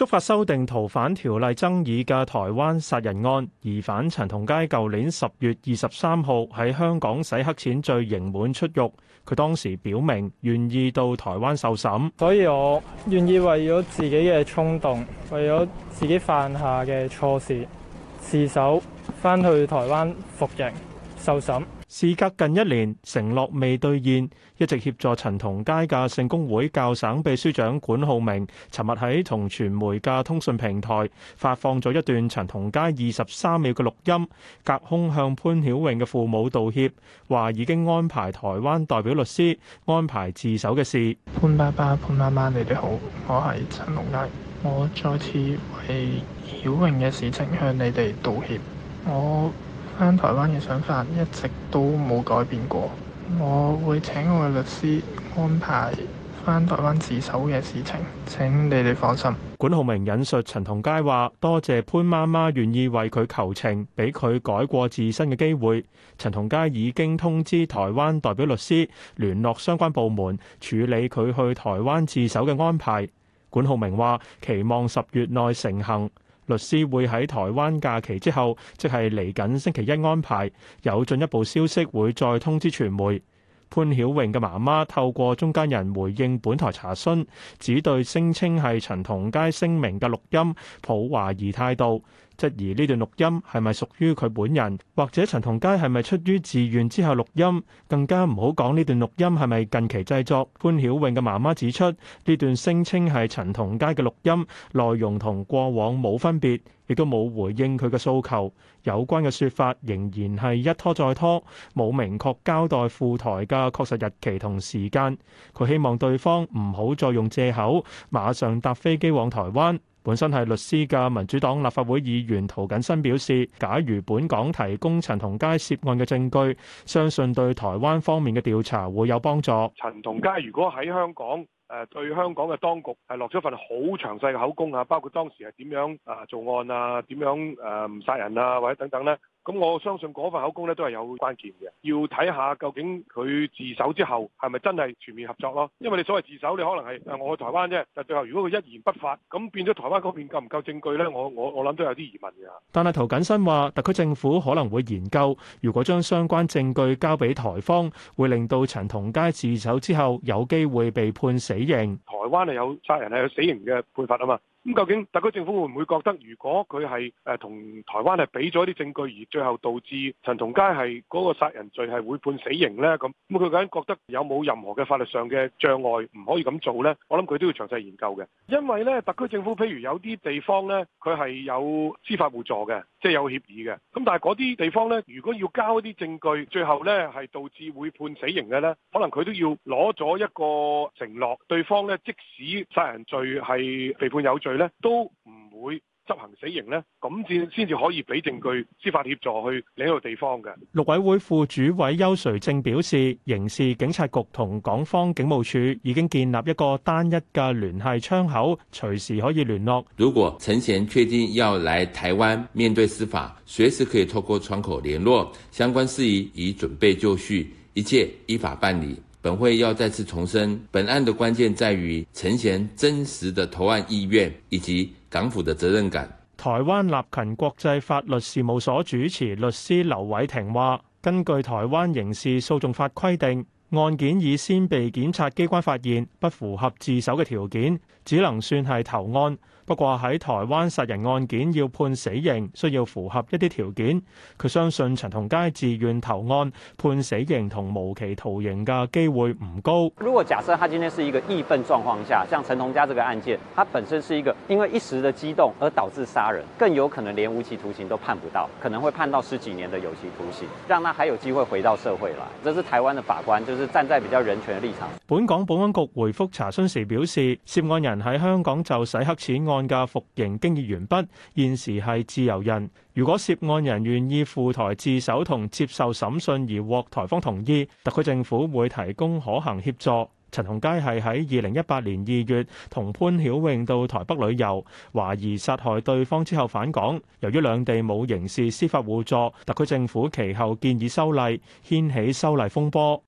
觸發修訂逃犯條例爭議嘅台灣殺人案疑犯陳同佳，舊年十月二十三號喺香港洗黑錢罪刑滿出獄，佢當時表明願意到台灣受審。所以我願意為咗自己嘅衝動，為咗自己犯下嘅錯事，自首返去台灣服刑受審。事隔近一年，承諾未兌現，一直協助陳同佳嘅聖公會教省秘書長管浩鳴，尋日喺同傳媒嘅通訊平台發放咗一段陳同佳二十三秒嘅錄音，隔空向潘曉穎嘅父母道歉，話已經安排台灣代表律師安排自首嘅事。潘爸爸、潘媽媽，你哋好，我係陳同佳，我再次為曉穎嘅事情向你哋道歉，我。翻台灣嘅想法一直都冇改變過，我會請我嘅律師安排翻台灣自首嘅事情。請你哋放心。管浩鳴引述陳同佳話：多謝潘媽媽願意為佢求情，俾佢改過自新嘅機會。陳同佳已經通知台灣代表律師聯絡相關部門處理佢去台灣自首嘅安排。管浩鳴話：期望十月內成行。律師會喺台灣假期之後，即係嚟緊星期一安排，有進一步消息會再通知傳媒。潘曉穎嘅媽媽透過中間人回應本台查詢，指對聲稱係陳同佳聲明嘅錄音抱懷疑態度。質疑呢段錄音係咪屬於佢本人，或者陳同佳係咪出於自願之後錄音？更加唔好講呢段錄音係咪近期製作。潘曉穎嘅媽媽指出，呢段聲稱係陳同佳嘅錄音，內容同過往冇分別，亦都冇回應佢嘅訴求。有關嘅說法仍然係一拖再拖，冇明確交代赴台嘅確實日期同時間。佢希望對方唔好再用借口，馬上搭飛機往台灣。本身係律師嘅民主黨立法會議員涂謹申表示，假如本港提供陳同佳涉案嘅證據，相信對台灣方面嘅調查會有幫助。陳同佳如果喺香港誒，對香港嘅當局係落咗份好詳細嘅口供啊，包括當時係點樣啊做案啊，點樣誒唔殺人啊，或者等等咧。咁我相信嗰份口供咧都係有關鍵嘅，要睇下究竟佢自首之後，係咪真係全面合作咯？因為你所謂自首，你可能係誒我去台灣啫。但最後如果佢一言不發，咁變咗台灣嗰邊夠唔夠證據咧？我我我諗都有啲疑問嘅，但係陶錦新話特區政府可能會研究，如果將相關證據交俾台方，會令到陳同佳自首之後有機會被判死刑。台灣係有殺人係有死刑嘅判罰啊嘛。咁究竟特區政府會唔會覺得，如果佢係誒同台灣係俾咗啲證據，而最後導致陳同佳係嗰個殺人罪係會判死刑咧？咁咁佢究竟覺得有冇任何嘅法律上嘅障礙唔可以咁做咧？我諗佢都要詳細研究嘅，因為咧特區政府譬如有啲地方咧，佢係有司法互助嘅，即係有協議嘅。咁但係嗰啲地方咧，如果要交一啲證據，最後咧，係導致會判死刑嘅咧，可能佢都要攞咗一個承諾對方咧，即使殺人罪係被判有罪，佢咧都唔會執行死刑咧，咁先至可以俾證據司法協助去另一個地方嘅。陸委會副主委邱垂正表示，刑事警察局同港方警務處已經建立一個單一嘅聯繫窗口，隨時可以聯絡。如果陳賢確定要來台灣面對司法，隨時可以透過窗口聯絡相關事宜，已準備就緒，一切依法辦理。本會要再次重申，本案的關鍵在於陳賢真實的投案意願以及港府的責任感。台灣立勤國際法律事務所主持律師劉偉庭話，根據台灣刑事訴訟法規定。案件已先被檢察機關發現不符合自首嘅條件，只能算係投案。不過喺台灣殺人案件要判死刑，需要符合一啲條件。佢相信陳同佳自願投案判死刑同無期徒刑嘅機會唔高。如果假設，他今天是一個義憤狀況下，像陳同佳這個案件，他本身是一個因為一時的激動而導致殺人，更有可能連無期徒刑都判不到，可能會判到十幾年的有期徒刑，讓他還有機會回到社會來，這是台灣嘅法官，就是站在比較人權嘅立場。本港保安局回覆查詢時表示，涉案人喺香港就洗黑錢案嘅服刑經已完畢，現時係自由人。如果涉案人願意赴台自首同接受審訊而獲台方同意，特區政府會提供可行協助。陳同佳係喺二零一八年二月同潘曉穎到台北旅遊，懷疑殺害對方之後返港。由於兩地冇刑事司法互助，特區政府其後建議修例，掀起修例風波。